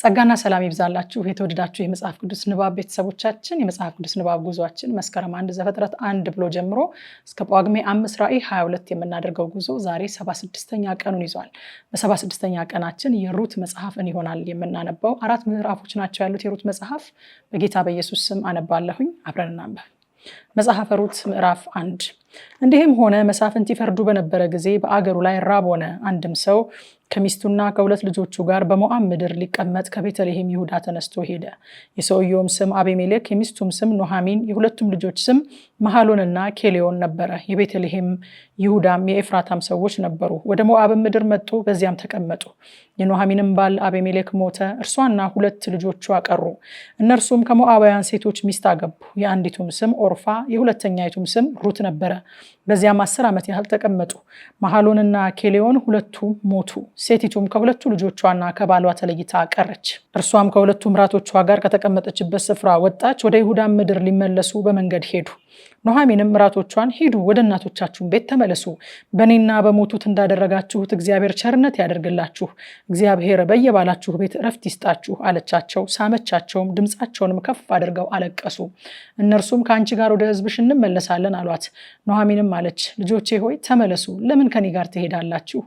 ጸጋና ሰላም ይብዛላችሁ የተወደዳችሁ የመጽሐፍ ቅዱስ ንባብ ቤተሰቦቻችን። የመጽሐፍ ቅዱስ ንባብ ጉዟችን መስከረም አንድ ዘፍጥረት አንድ ብሎ ጀምሮ እስከ ጳጉሜ አምስት ራዕይ 22 የምናደርገው ጉዞ ዛሬ 76ኛ ቀኑን ይዟል። በ76ኛ ቀናችን የሩት መጽሐፍን ይሆናል የምናነባው። አራት ምዕራፎች ናቸው ያሉት የሩት መጽሐፍ። በጌታ በኢየሱስ ስም አነባለሁኝ። አብረን እናንበብ። መጽሐፈ ሩት ምዕራፍ አንድ እንዲህም ሆነ መሳፍንት ይፈርዱ በነበረ ጊዜ በአገሩ ላይ ራብ ሆነ። አንድም ሰው ከሚስቱና ከሁለት ልጆቹ ጋር በሞዓብ ምድር ሊቀመጥ ከቤተልሔም ይሁዳ ተነስቶ ሄደ። የሰውየውም ስም አቤሜሌክ፣ የሚስቱም ስም ኖሃሚን፣ የሁለቱም ልጆች ስም መሃሎንና ኬሌዮን ነበረ። የቤተልሔም ይሁዳም የኤፍራታም ሰዎች ነበሩ። ወደ ሞዓብ ምድር መጡ፣ በዚያም ተቀመጡ። የኖሃሚንም ባል አቤሜሌክ ሞተ፣ እርሷና ሁለት ልጆቹ አቀሩ። እነርሱም ከሞዓባውያን ሴቶች ሚስት አገቡ። የአንዲቱም ስም ኦርፋ የሁለተኛይቱም ስም ሩት ነበረ። በዚያም አስር ዓመት ያህል ተቀመጡ። መሐሎንና ኬሌዮን ሁለቱም ሞቱ። ሴቲቱም ከሁለቱ ልጆቿና ከባሏ ተለይታ ቀረች። እርሷም ከሁለቱ ምራቶቿ ጋር ከተቀመጠችበት ስፍራ ወጣች፣ ወደ ይሁዳ ምድር ሊመለሱ በመንገድ ሄዱ። ሚንም ምራቶቿን ሂዱ ወደ እናቶቻችሁን ቤት ተመለሱ፣ በእኔና በሞቱት እንዳደረጋችሁት እግዚአብሔር ቸርነት ያደርግላችሁ፣ እግዚአብሔር በየባላችሁ ቤት እረፍት ይስጣችሁ አለቻቸው። ሳመቻቸውም፣ ድምፃቸውንም ከፍ አድርገው አለቀሱ። እነርሱም ከአንቺ ጋር ወደ ህዝብሽ እንመለሳለን አሏት። ሚንም አለች ልጆቼ ሆይ ተመለሱ፣ ለምን ከኔ ጋር ትሄዳላችሁ?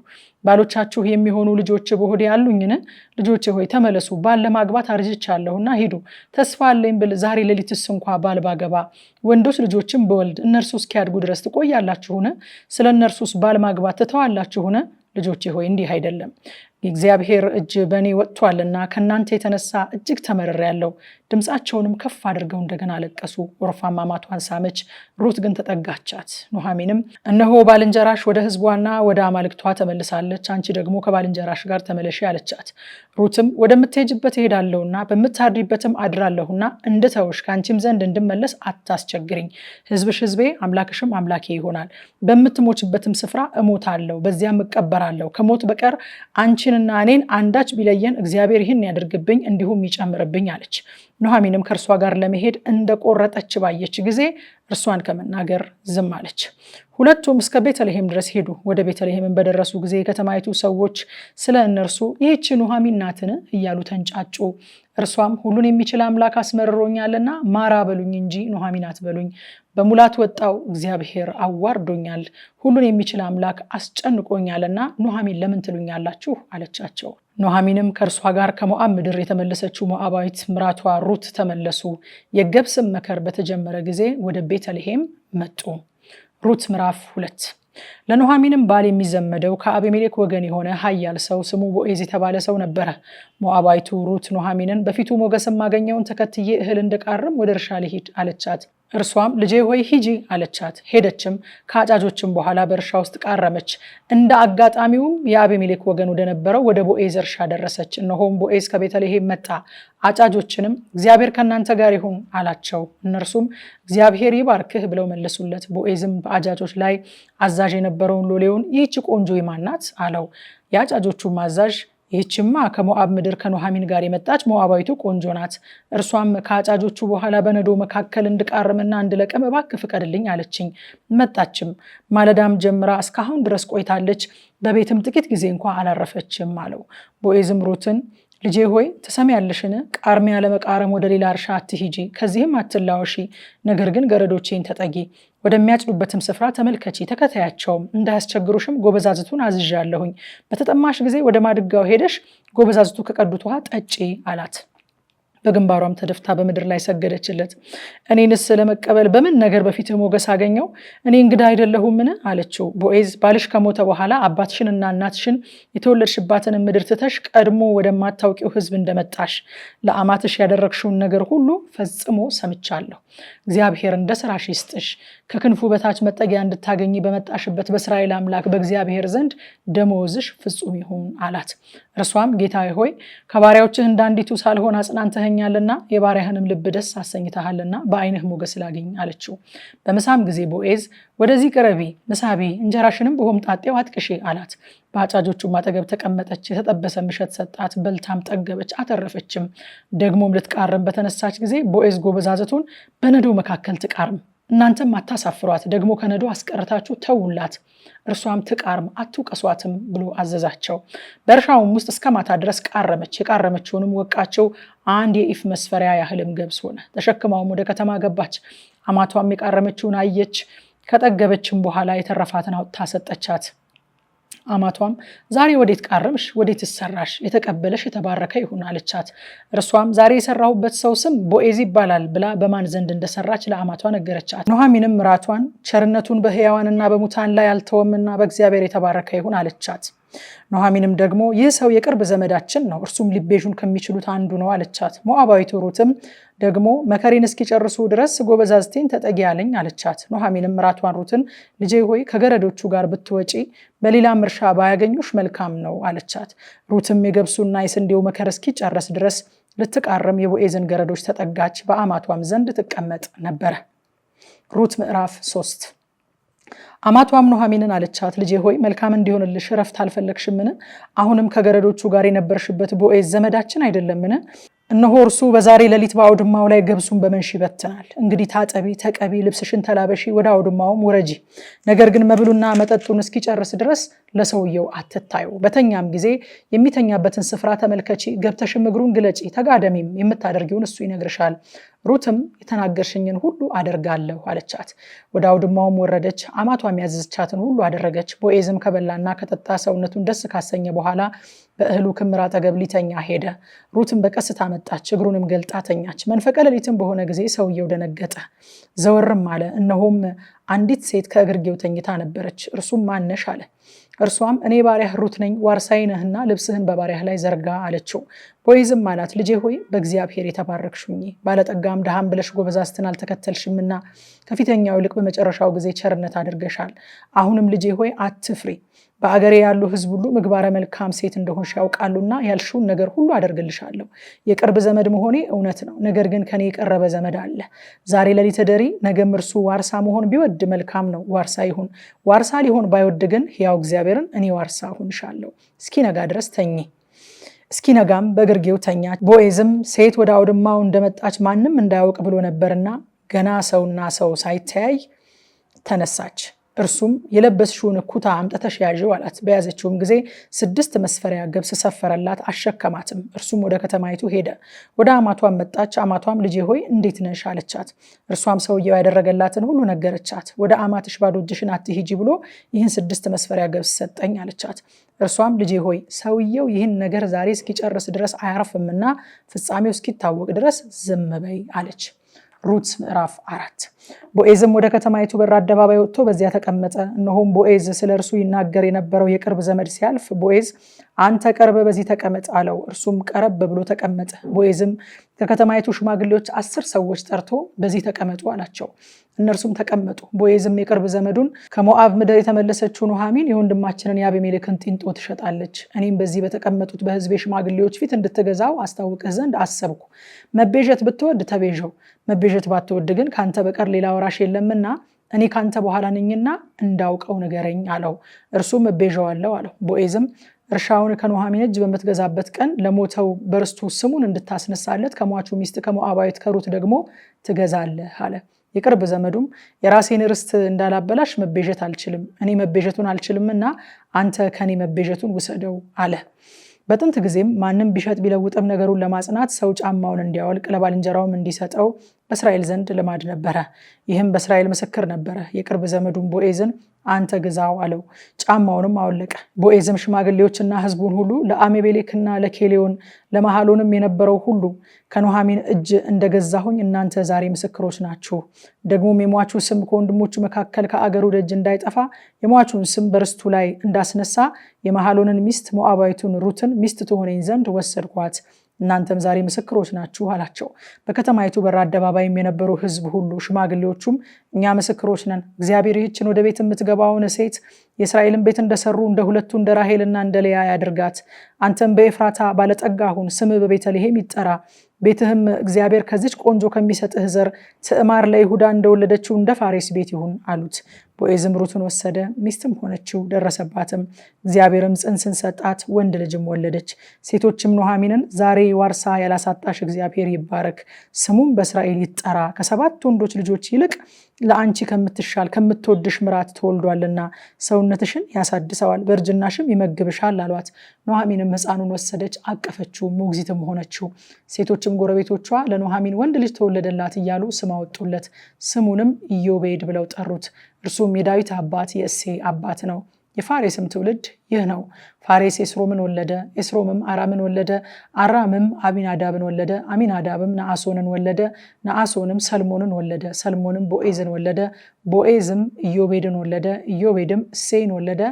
ባሎቻችሁ የሚሆኑ ልጆች በሆድ ያሉኝን ልጆች ሆይ ተመለሱ፣ ባል ለማግባት አርጅቻለሁና ሂዱ። ተስፋ አለኝ ብል ዛሬ ሌሊትስ እንኳ ባል ባገባ ወንዶች ልጆችም በወልድ እነርሱ እስኪያድጉ ድረስ ትቆያላችሁን? ስለ እነርሱስ ባል ማግባት ትተዋላችሁን? ልጆች ሆይ እንዲህ አይደለም። የእግዚአብሔር እጅ በእኔ ወጥቷልና ከእናንተ የተነሳ እጅግ ተመርር ያለው ድምፃቸውንም ከፍ አድርገው እንደገና አለቀሱ። ወርፋም ማቷን ሳመች፣ ሩት ግን ተጠጋቻት። ኑኃሚንም እነሆ ባልንጀራሽ ወደ ሕዝቧና ወደ አማልክቷ ተመልሳለች፣ አንቺ ደግሞ ከባልንጀራሽ ጋር ተመለሺ አለቻት። ሩትም ወደምትሄጅበት እሄዳለሁና በምታድሪበትም አድራለሁና እንድተውሽ ከአንቺም ዘንድ እንድመለስ አታስቸግሪኝ። ሕዝብሽ ሕዝቤ አምላክሽም አምላኬ ይሆናል። በምትሞችበትም ስፍራ እሞታለሁ፣ በዚያም እቀበራለሁ። ከሞት በቀር አንቺ አንቺንና እኔን አንዳች ቢለየን እግዚአብሔር ይህን ያደርግብኝ እንዲሁም ይጨምርብኝ አለች። ኑኃሚንም ከእርሷ ጋር ለመሄድ እንደቆረጠች ባየች ጊዜ እርሷን ከመናገር ዝም አለች። ሁለቱም እስከ ቤተልሔም ድረስ ሄዱ። ወደ ቤተልሔምን በደረሱ ጊዜ የከተማይቱ ሰዎች ስለ እነርሱ ይህች ኑኃሚን ናትን እያሉ ተንጫጩ። እርሷም ሁሉን የሚችል አምላክ አስመርሮኛልና ማራ በሉኝ እንጂ ኖሃሚናት አትበሉኝ። በሙላት ወጣው እግዚአብሔር አዋርዶኛል፣ ሁሉን የሚችል አምላክ አስጨንቆኛልና ኖሃሚን ለምን ትሉኛላችሁ አለቻቸው። ኖሃሚንም ከእርሷ ጋር ከሞአብ ምድር የተመለሰችው ሞአባዊት ምራቷ ሩት ተመለሱ። የገብስም መከር በተጀመረ ጊዜ ወደ ቤተልሔም መጡ። ሩት ምዕራፍ ሁለት ለኑኃሚንም ባል የሚዘመደው ከአቤሜሌክ ወገን የሆነ ኃያል ሰው ስሙ ቦኤዝ የተባለ ሰው ነበረ። ሞአባይቱ ሩት ኖሃሚንን በፊቱ ሞገስም ማገኘውን ተከትዬ እህል እንደቃርም ወደ እርሻ ልሂድ አለቻት። እርሷም ልጄ ሆይ ሂጂ አለቻት። ሄደችም፣ ከአጫጆችም በኋላ በእርሻ ውስጥ ቃረመች። እንደ አጋጣሚውም የአቤሜሌክ ወገን ወደነበረው ወደ ቦኤዝ እርሻ ደረሰች። እነሆም ቦኤዝ ከቤተልሔም መጣ። አጫጆችንም እግዚአብሔር ከእናንተ ጋር ይሁን አላቸው። እነርሱም እግዚአብሔር ይባርክህ ብለው መለሱለት። ቦኤዝም በአጫጆች ላይ አዛዥ የነበረውን ሎሌውን ይህች ቆንጆ የማን ናት አለው። የአጫጆቹም አዛዥ ይህችማ ከሞአብ ምድር ከኑኃሚን ጋር የመጣች ሞዓባዊቱ ቆንጆ ናት። እርሷም ከአጫጆቹ በኋላ በነዶ መካከል እንድቃርምና እንድለቅም እባክህ ፍቀድልኝ አለችኝ። መጣችም፣ ማለዳም ጀምራ እስካሁን ድረስ ቆይታለች። በቤትም ጥቂት ጊዜ እንኳ አላረፈችም አለው። ቦኤዝም ሩትን ልጄ ሆይ ትሰሚያለሽን? ቃርሚያ ለመቃረም ወደ ሌላ እርሻ አትሂጂ፣ ከዚህም አትላወሺ። ነገር ግን ገረዶቼን ተጠጊ፣ ወደሚያጭዱበትም ስፍራ ተመልከቺ፣ ተከታያቸውም፣ እንዳያስቸግሩሽም ጎበዛዝቱን አዝዣለሁኝ። በተጠማሽ ጊዜ ወደ ማድጋው ሄደሽ ጎበዛዝቱ ከቀዱት ውሃ ጠጪ አላት። በግንባሯም ተደፍታ በምድር ላይ ሰገደችለት። እኔንስ ለመቀበል በምን ነገር በፊት ሞገስ አገኘው? እኔ እንግዳ አይደለሁምን? አለችው። ቦኤዝ ባልሽ ከሞተ በኋላ አባትሽንና እናትሽን የተወለድሽባትን ምድር ትተሽ ቀድሞ ወደማታውቂው ሕዝብ እንደመጣሽ ለአማትሽ ያደረግሽውን ነገር ሁሉ ፈጽሞ ሰምቻለሁ። እግዚአብሔር እንደ ስራሽ ይስጥሽ። ከክንፉ በታች መጠጊያ እንድታገኝ በመጣሽበት በእስራኤል አምላክ በእግዚአብሔር ዘንድ ደመወዝሽ ፍጹም ይሁን አላት። እርሷም ጌታ ሆይ ከባሪያዎችህ እንዳንዲቱ ሳልሆን አጽናንተኸኛልና የባሪያህንም ልብ ደስ አሰኝተሃልና በዓይንህ ሞገስ ላግኝ አለችው። በምሳም ጊዜ ቦኤዝ ወደዚህ ቅረቢ ምሳቢ፣ እንጀራሽንም በሆምጣጤው አጥቅሼ አላት። በአጫጆቹም አጠገብ ተቀመጠች። የተጠበሰ ምሸት ሰጣት፣ በልታም ጠገበች፣ አተረፈችም። ደግሞም ልትቃርም በተነሳች ጊዜ ቦኤዝ ጎበዛዘቱን በነዶ መካከል ትቃርም እናንተም አታሳፍሯት፣ ደግሞ ከነዶ አስቀርታችሁ ተውላት፣ እርሷም ትቃርም አትውቀሷትም ብሎ አዘዛቸው። በእርሻውም ውስጥ እስከ ማታ ድረስ ቃረመች። የቃረመችውንም ወቃቸው፣ አንድ የኢፍ መስፈሪያ ያህልም ገብስ ሆነ። ተሸክማውም ወደ ከተማ ገባች። አማቷም የቃረመችውን አየች። ከጠገበችም በኋላ የተረፋትን አውጥታ ሰጠቻት። አማቷም ዛሬ ወዴት ቃረምሽ፣ ወዴት ሰራሽ፣ የተቀበለሽ የተባረከ ይሁን አለቻት። እርሷም ዛሬ የሰራሁበት ሰው ስም ቦኤዝ ይባላል ብላ በማን ዘንድ እንደሰራች ለአማቷ ነገረቻት። ኑኃሚንም ምራቷን ቸርነቱን በሕያዋንና በሙታን ላይ አልተወምና በእግዚአብሔር የተባረከ ይሁን አለቻት። ኖሃሚንም ደግሞ ይህ ሰው የቅርብ ዘመዳችን ነው፣ እርሱም ሊቤዥን ከሚችሉት አንዱ ነው አለቻት። ሞአባዊቱ ሩትም ደግሞ መከሬን እስኪጨርሱ ድረስ ጎበዛዝቴን ተጠጊ ያለኝ አለቻት። ኖሃሚንም ምራቷን ሩትን ልጄ ሆይ ከገረዶቹ ጋር ብትወጪ በሌላም እርሻ ባያገኙሽ መልካም ነው አለቻት። ሩትም የገብሱና የስንዴው መከር እስኪጨረስ ድረስ ልትቃርም የቦኤዝን ገረዶች ተጠጋች፣ በአማቷም ዘንድ ትቀመጥ ነበረ። ሩት ምዕራፍ 3 አማቷም ኑኃሚንን አለቻት፣ ልጄ ሆይ መልካም እንዲሆንልሽ እረፍት አልፈለግሽምን? አሁንም ከገረዶቹ ጋር የነበርሽበት ቦኤ ዘመዳችን አይደለምን? እነሆ እርሱ በዛሬ ሌሊት በአውድማው ላይ ገብሱን በመንሽ ይበትናል። እንግዲህ ታጠቢ፣ ተቀቢ፣ ልብስሽን ተላበሺ፣ ወደ አውድማውም ውረጂ። ነገር ግን መብሉና መጠጡን እስኪጨርስ ድረስ ለሰውየው አትታዩ። በተኛም ጊዜ የሚተኛበትን ስፍራ ተመልከቺ፣ ገብተሽም እግሩን ግለጪ፣ ተጋደሚም። የምታደርጊውን እሱ ይነግርሻል። ሩትም የተናገርሽኝን ሁሉ አደርጋለሁ አለቻት። ወደ አውድማውም ወረደች፣ አማቷ የሚያዘቻትን ሁሉ አደረገች። ቦኤዝም ከበላና ከጠጣ ሰውነቱን ደስ ካሰኘ በኋላ በእህሉ ክምር አጠገብ ሊተኛ ሄደ። ሩትም በቀስታ መጣች፣ እግሩንም ገልጣ ተኛች። መንፈቀ ሌሊትም በሆነ ጊዜ ሰውየው ደነገጠ፣ ዘወርም አለ። እነሆም አንዲት ሴት ከእግርጌው ተኝታ ነበረች። እርሱም ማነሽ አለ። እርሷም እኔ ባሪያህ ሩት ነኝ፣ ዋርሳይ ነህና ልብስህን በባሪያህ ላይ ዘርጋ አለችው። ቦይዝም አላት፣ ልጄ ሆይ በእግዚአብሔር የተባረክሽ ባለጠጋም ድሃም ብለሽ ጎበዛዝትን አልተከተልሽምና ከፊተኛው ይልቅ በመጨረሻው ጊዜ ቸርነት አድርገሻል። አሁንም ልጄ ሆይ አትፍሪ በአገሬ ያሉ ህዝብ ሁሉ ምግባረ መልካም ሴት እንደሆንሽ ያውቃሉና ያልሽውን ነገር ሁሉ አደርግልሻለሁ። የቅርብ ዘመድ መሆኔ እውነት ነው፣ ነገር ግን ከኔ የቀረበ ዘመድ አለ። ዛሬ ለሊት እደሪ፣ ነገም እርሱ ዋርሳ መሆን ቢወድ መልካም ነው፣ ዋርሳ ይሁን። ዋርሳ ሊሆን ባይወድ ግን ሕያው እግዚአብሔርን እኔ ዋርሳ እሆንሻለሁ። እስኪነጋ ድረስ ተኚ። እስኪነጋም በግርጌው ተኛ ቦኤዝም ሴት ወደ አውድማው እንደመጣች ማንም እንዳያውቅ ብሎ ነበርና ገና ሰውና ሰው ሳይተያይ ተነሳች። እርሱም የለበስሽውን ኩታ አምጠተሽ ያዥው አላት። በያዘችውም ጊዜ ስድስት መስፈሪያ ገብስ ሰፈረላት፣ አሸከማትም። እርሱም ወደ ከተማይቱ ሄደ። ወደ አማቷም መጣች። አማቷም ልጄ ሆይ እንዴት ነሽ አለቻት። እርሷም ሰውየው ያደረገላትን ሁሉ ነገረቻት። ወደ አማትሽ ባዶ እጅሽን አትሂጂ ብሎ ይህን ስድስት መስፈሪያ ገብስ ሰጠኝ አለቻት። እርሷም ልጄ ሆይ ሰውየው ይህን ነገር ዛሬ እስኪጨርስ ድረስ አያርፍምና ፍጻሜው እስኪታወቅ ድረስ ዝም በይ አለች። ሩት ምዕራፍ አራት ቦኤዝም ወደ ከተማይቱ በር አደባባይ ወጥቶ በዚያ ተቀመጠ። እነሆም ቦኤዝ ስለ እርሱ ይናገር የነበረው የቅርብ ዘመድ ሲያልፍ፣ ቦኤዝ አንተ ቀርበ በዚህ ተቀመጥ አለው። እርሱም ቀረብ ብሎ ተቀመጠ። ቦኤዝም ከከተማይቱ ሽማግሌዎች አስር ሰዎች ጠርቶ በዚህ ተቀመጡ አላቸው። እነርሱም ተቀመጡ። ቦኤዝም የቅርብ ዘመዱን ከሞአብ ምድር የተመለሰችውን ኑሃሚን የወንድማችንን የአቤሜሌክን ጢንጦ ትሸጣለች፣ እኔም በዚህ በተቀመጡት በህዝቤ ሽማግሌዎች ፊት እንድትገዛው አስታውቅህ ዘንድ አሰብኩ። መቤዠት ብትወድ ተቤዠው፣ መቤዠት ባትወድ ግን ከአንተ በቀር ሌላ ወራሽ የለምና እኔ ካንተ በኋላ ነኝና እንዳውቀው ንገረኝ አለው። እርሱም እቤዣዋለሁ አለው። ቦኤዝም እርሻውን ከኑኃሚን እጅ በምትገዛበት ቀን ለሞተው በርስቱ ስሙን እንድታስነሳለት ከሟቹ ሚስት ከሞአባዊት ከሩት ደግሞ ትገዛለህ አለ። የቅርብ ዘመዱም የራሴን ርስት እንዳላበላሽ መቤዠት አልችልም፣ እኔ መቤዠቱን እና አንተ ከኔ መቤዠቱን ውሰደው አለ። በጥንት ጊዜም ማንም ቢሸጥ ቢለውጥም ነገሩን ለማጽናት ሰው ጫማውን እንዲያወልቅ ለባልንጀራውም እንዲሰጠው በእስራኤል ዘንድ ልማድ ነበረ። ይህም በእስራኤል ምስክር ነበረ። የቅርብ ዘመዱን ቦኤዝን አንተ ግዛው አለው። ጫማውንም አወለቀ። ቦኤዝም ሽማግሌዎችና ሕዝቡን ሁሉ ለአሜቤሌክና ለኬሌዮን ለመሐሎንም የነበረው ሁሉ ከኖሃሚን እጅ እንደገዛሁኝ እናንተ ዛሬ ምስክሮች ናችሁ። ደግሞም የሟቹ ስም ከወንድሞቹ መካከል ከአገሩ ደጅ እንዳይጠፋ የሟቹን ስም በርስቱ ላይ እንዳስነሳ የመሐሎንን ሚስት ሞዓባዊቱን ሩትን ሚስት ትሆነኝ ዘንድ ወሰድኳት። እናንተም ዛሬ ምስክሮች ናችሁ አላቸው። በከተማይቱ በር አደባባይም የነበሩ ሕዝብ ሁሉ ሽማግሌዎቹም፣ እኛ ምስክሮች ነን፣ እግዚአብሔር ይህችን ወደ ቤት የምትገባውን ሴት የእስራኤልን ቤት እንደሰሩ እንደ ሁለቱ እንደ ራሄልና እንደ ልያ ያድርጋት። አንተም በኤፍራታ ባለጠጋ ሁን፣ ስም በቤተልሔም ይጠራ። ቤትህም እግዚአብሔር ከዚች ቆንጆ ከሚሰጥህ ዘር ትዕማር ለይሁዳ እንደወለደችው እንደ ፋሬስ ቤት ይሁን አሉት። ቦዔዝም ሩትን ወሰደ፣ ሚስትም ሆነችው፣ ደረሰባትም። እግዚአብሔርም ጽንስን ሰጣት፣ ወንድ ልጅም ወለደች። ሴቶችም ኑኃሚንን ዛሬ ዋርሳ ያላሳጣሽ እግዚአብሔር ይባረክ፣ ስሙም በእስራኤል ይጠራ፣ ከሰባት ወንዶች ልጆች ይልቅ ለአንቺ ከምትሻል ከምትወድሽ ምራት ተወልዷልና ሰውነትሽን ያሳድሰዋል፣ በእርጅናሽም ይመግብሻል አሏት። ኑኃሚንም ሕፃኑን ወሰደች፣ አቀፈችው፣ ሞግዚትም ሆነችው። ሴቶችም ጎረቤቶቿ ለኑኃሚን ወንድ ልጅ ተወለደላት እያሉ ስም አወጡለት፣ ስሙንም ኢዮቤድ ብለው ጠሩት። እርሱም የዳዊት አባት የእሴ አባት ነው። የፋሬስም ትውልድ ይህ ነው። ፋሬስ ኤስሮምን ወለደ። ኤስሮምም አራምን ወለደ። አራምም አሚናዳብን ወለደ። አሚናዳብም ነአሶንን ወለደ። ነአሶንም ሰልሞንን ወለደ። ሰልሞንም ቦኤዝን ወለደ። ቦኤዝም ኢዮቤድን ወለደ። ኢዮቤድም እሴይን ወለደ።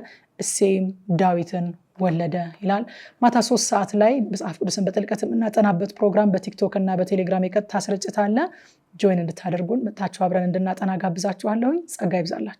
እሴይም ዳዊትን ወለደ ይላል። ማታ ሶስት ሰዓት ላይ መጽሐፍ ቅዱስን በጥልቀት የምናጠናበት ፕሮግራም በቲክቶክ እና በቴሌግራም የቀጥታ ስርጭት አለ። ጆይን እንድታደርጉን መጥታችሁ አብረን እንድናጠና ጋብዛችኋለሁኝ። ጸጋ ይብዛላችሁ።